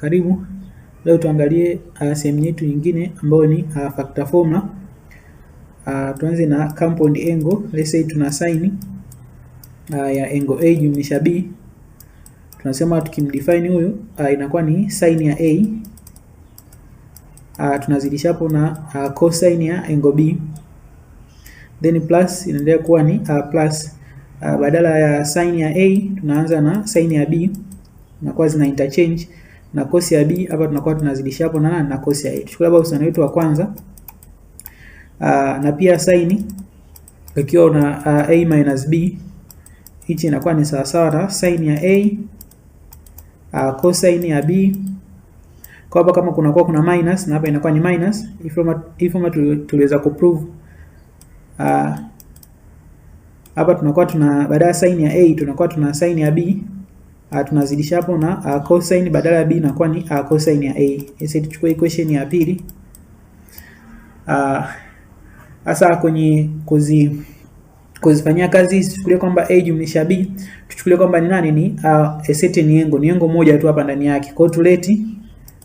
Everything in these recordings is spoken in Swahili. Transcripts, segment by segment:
Karibu, leo tuangalie uh, sehemu yetu nyingine ambayo ni uh, factor formula. Uh, tuanze na compound angle. Let's say tuna sine uh, ya angle A jumlisha B. Tunasema tukimdefine huyu uh, inakuwa ni sine ya A uh, tunazidisha hapo na uh, cosine ya angle B then plus inaendelea kuwa ni uh, plus uh, badala ya sine ya A tunaanza na sine ya B, inakuwa zina interchange na kosi ya b hapa tunakuwa tunazidisha hapo na nani na kosi ya a. Tuchukulie hapa usani wetu wa kwanza aa, ah, na pia saini ikiwa una ah, a minus b, hichi inakuwa ni sawa sawa na saini ya a uh, ah, cosine ya b. Kwa hapa kama kunakuwa kuna minus na hapa inakuwa ni minus, ifoma tuliweza kuprove hapa tunakuwa tuna baada ya saini ya a tunakuwa tuna saini ya b a, ah, tunazidisha hapo na a, ah, cosine badala ya b inakuwa ni a, ah, cosine ya a. Sasa tuchukue equation ya pili. Sasa kwenye kuzi kuzifanyia kazi tuchukulie kwamba a jumlisha b, tuchukulie kwamba ni nani ni a seti ni engo, ni engo moja tu hapa ndani yake. Kwa hiyo tuleti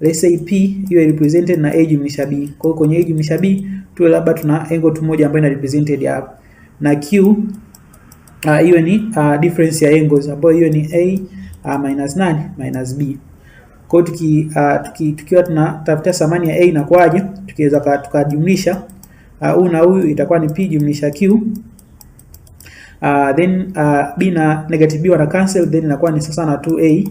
let's say p hiyo represented na a jumlisha b. Kwa hiyo kwenye a jumlisha b tu labda tuna engo tu moja ambayo ina represented hapa. Na q hiyo uh, ni uh, difference ya angles ambayo hiyo ni a uh, minus nani minus b. Kwa tuki, uh, tuki, tukiwa tunatafuta samani ya a inakuwaje? Tukiweza tukajumlisha huyu ah, uh, na huyu itakuwa ni p jumlisha q Uh, then uh, b na negative b wana cancel, then inakuwa ni sasa na 2a,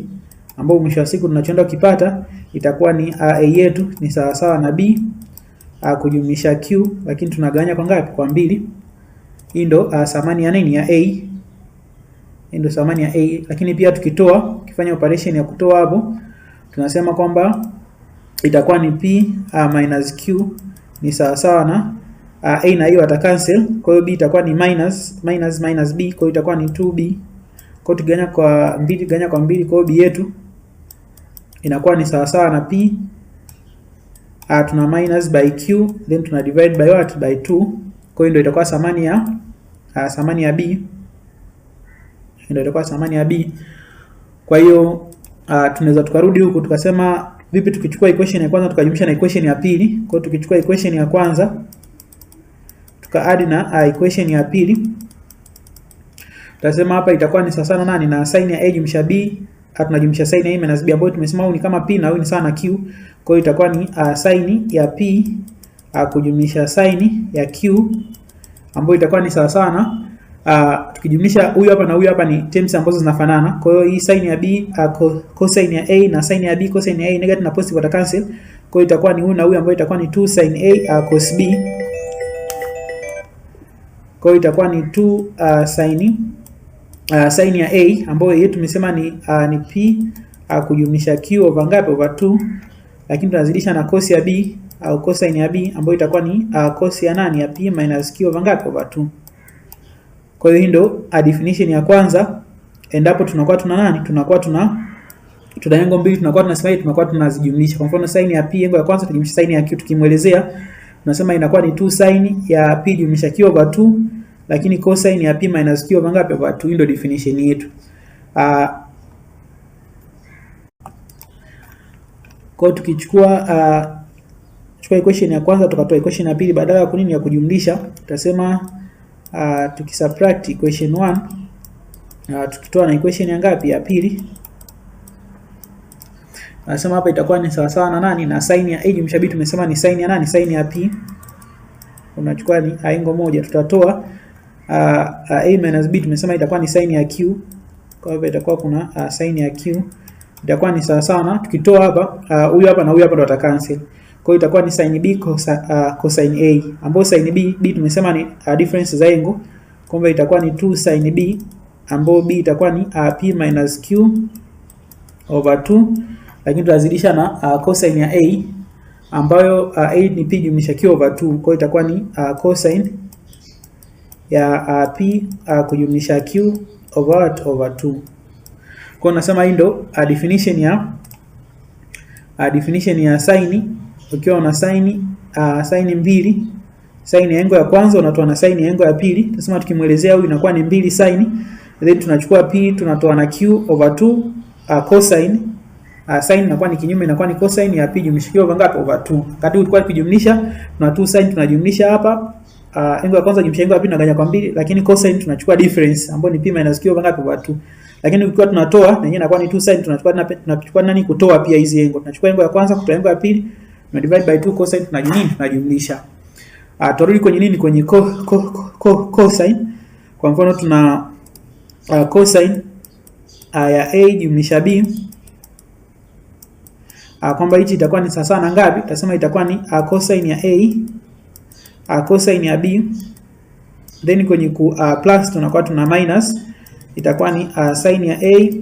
ambapo mwisho wa siku tunachoenda kukipata itakuwa ni a yetu ni sawa sawa na b uh, kujumlisha q, lakini tunagawanya kwa ngapi? Kwa mbili. Hii ndo uh, thamani ya nini ya a ndio thamani ya A, lakini pia tukitoa, ukifanya operation ya kutoa hapo, tunasema kwamba itakuwa ni P A ah, minus Q ni sawa sawa na A, ah, A na hiyo ata cancel, kwa hiyo B itakuwa ni minus minus minus B, kwa hiyo itakuwa ni 2B. Kwa hiyo tuganya kwa mbili, ganya kwa mbili, kwa hiyo B yetu inakuwa ni sawa sawa na P A, ah, tuna minus by Q then tuna divide by what by 2, kwa hiyo ndio itakuwa thamani ya thamani ya B ndio itakuwa thamani ya B. Kwa hiyo uh, tunaweza tukarudi huku tukasema vipi tukichukua equation ya kwanza tukajumlisha na equation ya pili. Kwa hiyo tukichukua equation ya kwanza tuka add na uh, equation ya pili tutasema hapa itakuwa ni sawa na nani na sin ya A jumlisha B ah, tunajumlisha sin ya A minus B ambayo tumesema huyu ni kama P na huyu ni sawa na Q. Kwa hiyo itakuwa ni uh, sin ya P uh, kujumlisha sin ya Q ambayo itakuwa ni sawa sana uh, tukijumlisha huyu hapa na huyu hapa ni terms ambazo zinafanana. Kwa hiyo hii sine ya b uh, cosine ya a na sine ya b cosine ya a negative na positive wata cancel. Kwa hiyo itakuwa ni huyu na huyu ambayo itakuwa ni 2 sine a uh, cos b. Kwa hiyo itakuwa ni 2 uh, sine uh, sine ya a ambayo yeye tumesema ni uh, ni p uh, kujumlisha q over ngapi over 2 lakini tunazidisha na cos ya b au cosine ya b ambayo itakuwa ni uh, cos ya nani ya p minus q over ngapi over 2. Kwa hiyo hii ndio definition ya kwanza, endapo tunakuwa tuna nani, tunakuwa tuna tuna engo mbili, tunakuwa tunasema hii, tunakuwa tunazijumlisha. Kwa mfano sin ya p engo ya kwanza tujumlisha sin ya q, tukimwelezea tunasema inakuwa ni 2 sin ya p jumlisha q over 2, lakini cosine ya p minus q over ngapi? Over 2. Hii ndio definition yetu. Uh, kwa tukichukua uh, chukua equation ya kwanza tukatoa equation ya pili, badala ya kunini ya kujumlisha tutasema uh, tukisubtract equation 1 uh, ah, tukitoa na equation ya ngapi ya pili Nasema hapa itakuwa ni sawa sawa na nani na sin ya a jumlisha tumesema ni sin ya nani? Sin ya p. Unachukua ni aingo moja tutatoa uh, uh, a minus b tumesema itakuwa ni sin ya q. Kwa hivyo itakuwa kuna uh, sin ya q itakuwa ni sawa sawa na tukitoa hapa huyu uh, hapa na huyu hapa ndo wata kwa hiyo itakuwa ni sin b kosa, uh, cosine a ambayo sin b b tumesema ni uh, difference za angle, kwamba itakuwa ni 2 sin b ambayo b itakuwa ni uh, p minus q over 2, lakini tutazidisha na uh, cosine ya a ambayo uh, a ni p jumlisha q over 2. Kwa hiyo itakuwa ni uh, cosine ya uh, p uh, kujumlisha q over 2 over 2. Kwa nasema hii ndo uh, definition ya uh, definition ya sine ukiwa una saini uh, saini mbili saini ya engo ya kwanza unatoa na saini ya engo ya pili. Tunasema tukimwelezea huyu inakuwa ni mbili saini, then tunachukua p tunatoa na q over 2 uh, ah, cosine uh, ah, sin inakuwa ni kinyume, inakuwa ni cosine ya p jumlishikio over ngapi? Over 2. Wakati ulikuwa kujumlisha na 2 sin tunajumlisha hapa uh, engo ya kwanza jumlisha engo ya pili tunaganya kwa mbili, lakini cosine tunachukua difference ambayo ni p minus q over ngapi? Over 2. Lakini ukiwa tunatoa na yenyewe inakuwa ni 2 sin, tunachukua tunachukua nani kutoa pia hizi engo, tunachukua engo ya kwanza kutoa engo ya pili Tuna divide by 2 cosine tunajumlisha tunajumlisha. Uh, turudi kwenye nini kwenye co, co, co, co, cosine. Kwa mfano tuna uh, cosine uh, ya a jumlisha b uh, kwamba hichi itakuwa ni sawa na ngapi? Tutasema itakuwa ni uh, cosine ya a uh, cosine ya b then kwenye ku, uh, plus tunakuwa tuna minus itakuwa ni uh, sine ya a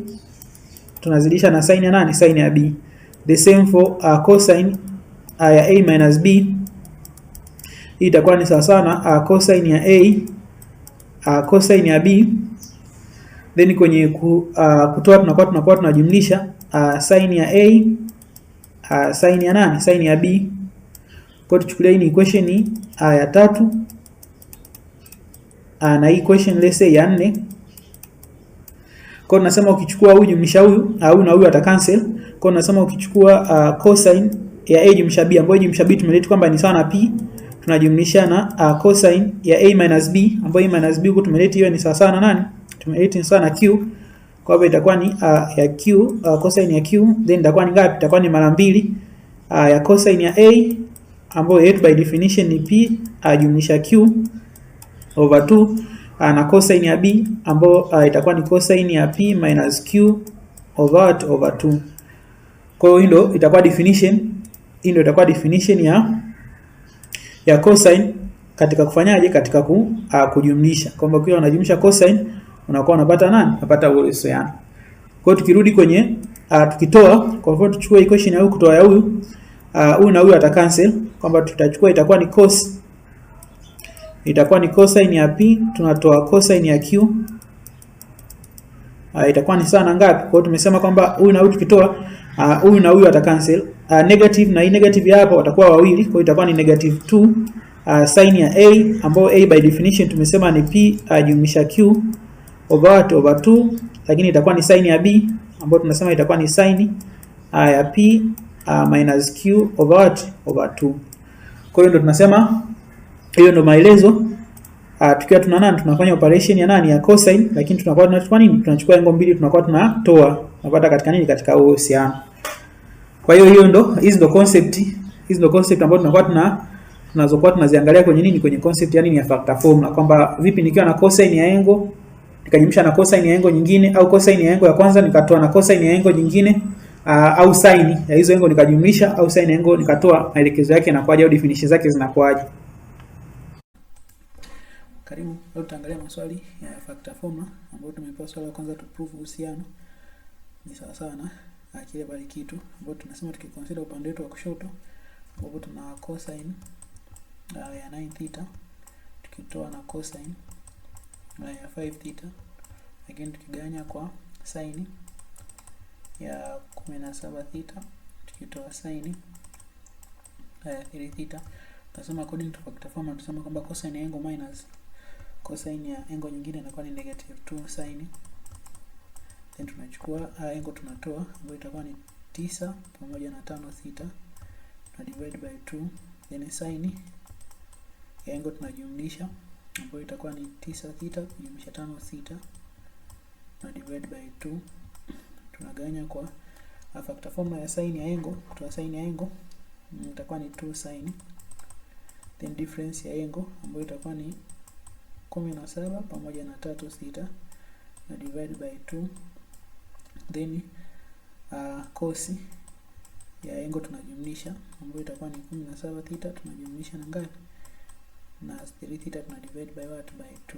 tunazidisha na sine ya nani? Sine ya b. The same for uh, cosine a ya a minus b hii itakuwa ni sawa sana a cosine ya a a cosine ya b, then kwenye ku, a, kutoa tunakuwa tunakuwa tunajumlisha a sine ya a a sine ya nani sine ya b. Kwa tuchukulia hii ni equation ni a ya tatu a, na hii equation let's say ya nne. Kwa tunasema ukichukua huyu jumlisha huyu au na huyu ata cancel. Kwa tunasema ukichukua a, cosine ya a jumlisha b ambayo jumlisha b tumeleta kwamba ni sawa na p tunajumlisha na uh, cosine ya a minus b ambayo a minus b huko tumeleta hiyo ni sawa sawa na nani? Tumeleta ni sawa na q. Kwa hivyo itakuwa ni uh, ya q uh, cosine ya q then itakuwa ni ngapi? Itakuwa ni mara mbili uh, ya cosine ya a ambayo yetu by definition ni p uh, jumlisha q over 2 uh, na cosine ya b ambayo uh, itakuwa ni cosine ya p minus q over 2 over 2. Kwa hiyo hilo itakuwa definition hii ndio itakuwa definition ya ya cosine katika kufanyaje, katika ku, uh, kujumlisha kwamba ukiwa unajumlisha cosine unakuwa unapata nani? Unapata uhusiano. Kwa hiyo tukirudi kwenye uh, tukitoa kwa mfano, tuchukue equation ya huyu kutoa ya huyu uh, huyu na huyu ata cancel, kwamba tutachukua itakuwa ni cos itakuwa ni cosine ya p tunatoa cosine ya q uh, itakuwa ni sawa na ngapi? Kwa hiyo tumesema kwamba huyu na huyu tukitoa huyu uh, na huyu ata cancel uh, negative na hii negative ya hapa watakuwa wawili, kwa hiyo itakuwa ni negative 2 uh, sin ya a ambayo a by definition tumesema ni p uh, jumlisha q over 2 over 2, lakini itakuwa ni sin ya b ambayo tunasema itakuwa ni sin uh, ya p uh, minus q over 2 over 2. Kwa hiyo ndo tunasema hiyo ndo maelezo uh, tukiwa tuna nani tunafanya operation ya nani ya cosine, lakini tunakuwa tunachukua nini? Tunachukua angle mbili, tunakuwa tunatoa tunapata katika nini, katika uhusiano kwa hiyo hiyo ndo hizi ndo concept hizi ndo concept ambazo tunakuwa tuna tunazokuwa tunaziangalia kwenye nini, kwenye concept yani ni ya factor formula, kwamba vipi nikiwa na cosine ya angle nikajumlisha na cosine ya angle nyingine, au cosine ya angle ya kwanza nikatoa na cosine ya angle nyingine uh, au sine ya hizo angle nikajumlisha, au sine ya angle nikatoa, maelekezo yake yanakuwaje au definition zake zinakuwaje? Karibu leo tutaangalia maswali ya factor formula ambayo tumepewa swali la kwanza, tu prove uhusiano ni sawa sawa na kile pale kitu ambao tunasema tukiconsider upande wetu wa kushoto ambapo tuna cosine uh, ya 9 theta tukitoa na cosine uh, ya 5 theta again tukiganya kwa sine ya 17 theta tukitoa sine uh, ya 3 theta tunasema according to factor form tunasema kwamba cosine ya angle minus cosine ya angle nyingine inakuwa ni negative 2 sine then tunachukua angle tunatoa ambayo itakuwa ni tisa pamoja na tano theta na divide by 2 then sin ya angle tunajumlisha ambayo itakuwa ni tisa theta kujumlisha tano theta na divide by 2 tunaganya kwa a ah, factor formula ya sin ya angle kutoa sin ya angle itakuwa ni 2 sin then difference ya angle ambayo itakuwa ni 17 pamoja na 3 theta na divide by 2 then uh, ah, kosi ya engo tunajumlisha ambayo itakuwa ni 17 theta tunajumlisha na ngapi? Na 3 theta tuna divide by what by 2.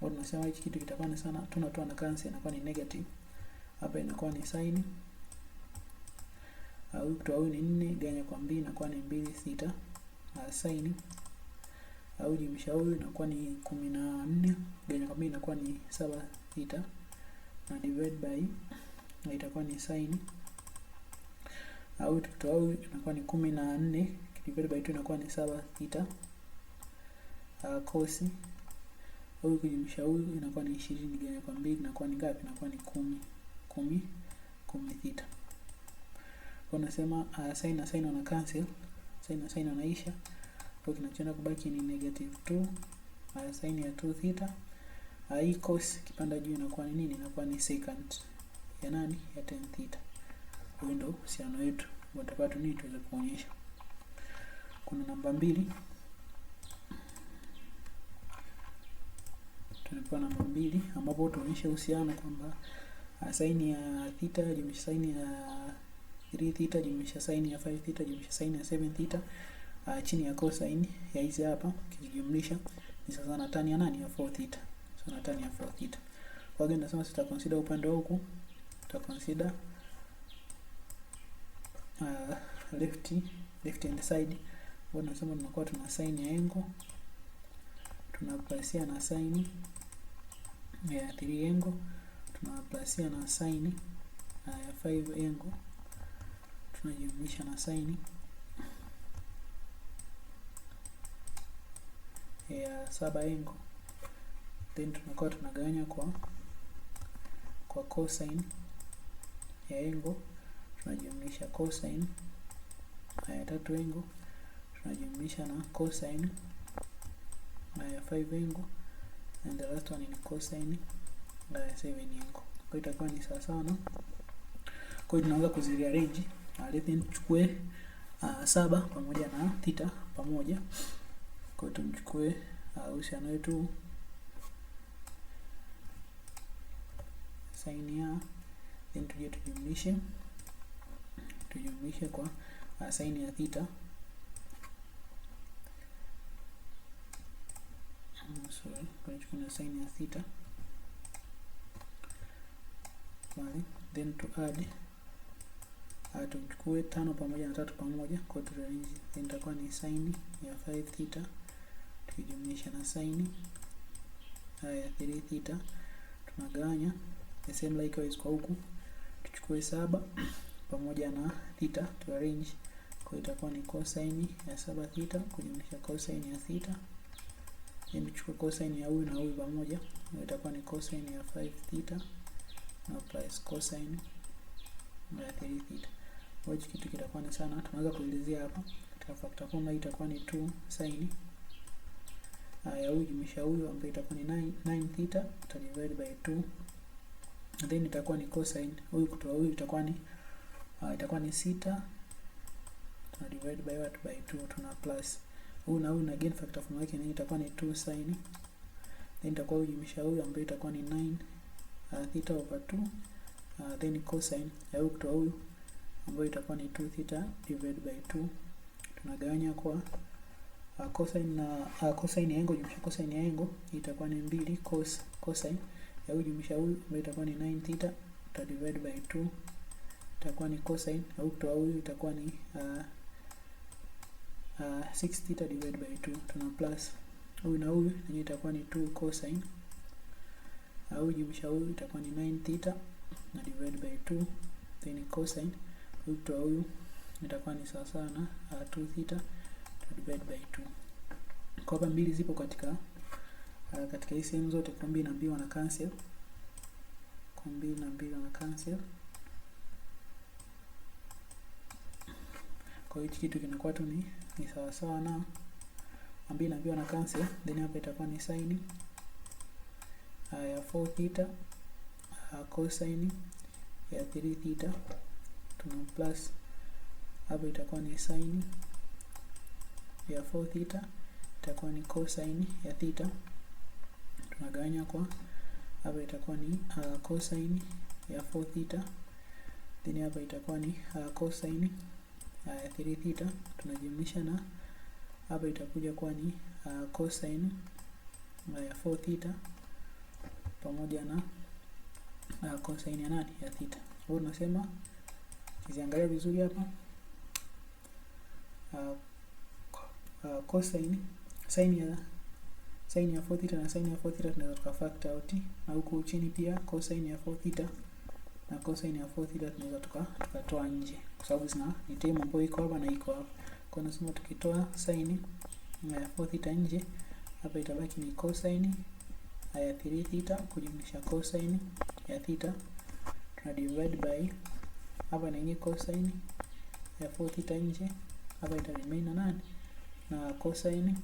Kwa tunasema hichi kitu kitakuwa ni sana tunatoa na cancel inakuwa ni negative. Hapa inakuwa ni sign au ah, kutoa ni 4 ganya kwa 2 inakuwa ni 2 theta uh, ah, sign au jimsha huyu inakuwa ni 14 ganya kwa 2 inakuwa ni 7 theta na divide by na itakuwa ni sin au tukitoa inakuwa ni kumi na nne divide by 2 inakuwa ni saba theta uh, ah, kosi au kujumlisha huyu inakuwa ni ishirini ganya kwa mbili inakuwa ni ngapi? Inakuwa ni kumi kumi kumi theta. Kwa nasema uh, ah, sin na sin wana cancel, sin na sin wanaisha, kwa kinachoenda kubaki ni negative 2 uh, ah, sin ya 2 theta hii cos kipanda juu inakuwa ni nini? Inakuwa ni secant ya nani? Ya tan theta. Huyu ndio uhusiano wetu watakuwa nini tuweze kuonyesha. Kuna namba mbili, tunapewa namba mbili ambapo tuonyeshe uhusiano kwamba ah, saini ya theta jumisha saini ya 3 theta jumisha saini ya 5 theta jumisha saini ya 7 theta uh, chini ya cosine ya hizi hapa kijumlisha ni sawa na tan ya nani ya 4 theta na tani ya 4 theta. Kwa hiyo nasema sita consider upande huku, tuta consider uh, left left hand side. Kwa nasema tunakuwa tuna sin ya angle tunaplasia na sign ya 3 angle tunaplasia na sign ya uh, 5 angle tunajumlisha na sign ya saba angle then tunakuwa tunagawanya kwa kwa cosine ya engo tunajumlisha cosine ya tatu engo tunajumlisha na cosine ya 5 engo and the last one ni cosine ya 7 engo. Kwa itakuwa ni sawa sawa na kwa hiyo tunaweza kuzirearrange uh, then tuchukue uh, saba pamoja na theta pamoja. Kwa hiyo tumchukue uh, uhusiano wetu sign here then tuje tujumlishe tujumlishe kwa uh, sign ya theta uh, sorry tunachukua sin ya theta Mali. then to add uh, tuchukue tano pamoja na tatu pamoja kwa tutarange then itakuwa ni sign ya 5 theta tukijumlisha na sin uh, ya 3 theta tunagawanya the same likewise kwa huku tuchukue saba pamoja na theta to arrange, kwa itakuwa ni cosine ya saba theta kujumlisha cosine ya theta, then tuchukue cosine ya huyu na huyu pamoja, hiyo itakuwa ni cosine ya 5 theta na plus cosine ya 3 theta. Kwa kitu kitakuwa ni sana, tunaweza kuelezea hapa katika factor formula, itakuwa ni 2 sine ah, ya huyu jumlisha huyu ambayo itakuwa ni 9 9 theta uta by 2 then itakuwa ni cosine huyu kutoa huyu itakuwa ni uh, itakuwa ni sita tuna divide by what by 2 tuna plus huyu na huyu na again factor form yake ni itakuwa ni 2 sin then itakuwa huyu ujumlisha huyu ambayo itakuwa ni 9 uh, ah, theta over 2 uh, ah, then cosine ya huyu kutoa huyu ambayo itakuwa ni 2 theta divide by 2 tunagawanya kwa uh, cosine na uh, cosine ya angle jumlisha cosine ya angle itakuwa ni 2 cos cosine ya huyu jumlisha huyu ambayo itakuwa ni 9 theta uta divide by 2 itakuwa ni cosine au kutoa huyu itakuwa ni uh, uh, 6 theta divide by 2 tuna plus huyu na huyu yenyewe itakuwa ni 2 cosine au jumlisha huyu itakuwa ni 9 theta na divide by 2 then cosine huyu kutoa huyu itakuwa ni sawa sawa na uh, 2 theta divide by 2 kwa hapa mbili zipo katika uh, katika hii sehemu zote mbili na mbili wana cancel, mbili na mbili wana cancel. Kwa hiyo kitu kinakuwa tu ni ni sawa sawa na mbili na mbili wana cancel, then hapa itakuwa ni sine uh, ya 4 theta uh, cosine ya 3 theta tuna plus hapa itakuwa ni sine ya 4 theta itakuwa ni cosine ya theta tunagawanya kwa hapa itakuwa ni uh, cosine ya 4 theta, then hapa itakuwa ni uh, cosine ya uh, 3 theta tunajumlisha na hapa itakuja kuwa ni uh, cosine uh, ya 4 theta pamoja na uh, cosine ya nani ya theta. Kwa hiyo tunasema kiziangalia vizuri hapa uh, uh, cosine sine ya Sin ya 4 theta na sin ya 4 theta tunaweza tukafactor out na huko chini pia cosine ya 4 theta na cosine ya 4 theta tunaweza tuka tukatoa nje kwa sababu zina ni term ambayo iko hapa na iko hapa. Kwa hiyo nasema tukitoa sin ya 4 theta nje hapa itabaki ni cosine ya 3 theta kujumlisha cosine ya theta na divide by hapa na yenyewe cosine ya 4 theta nje hapa ita remain na nani na cosine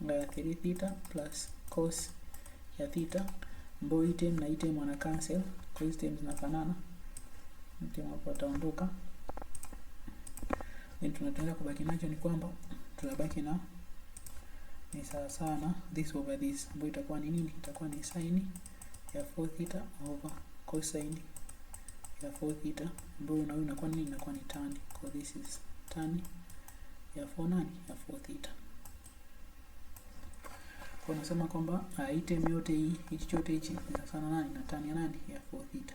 ya 3 theta plus cos ya theta ambayo item na item wana cancel kwa hizi term zinafanana, term hapo ataondoka. Then tunatenda kubaki nacho ni kwamba tunabaki na ni sawa sana this over this ambayo itakuwa ni nini? Itakuwa ni sine ya 4 theta over cosine ya 4 theta ambayo nayo inakuwa nini? Inakuwa ni tan. Kwa this is tan ya 4 nani? Ya 4 theta. Kwa nasema kwamba ah, item yote hii hichi chote hichi ni sawa na nani na tan ya nani ya 4 theta.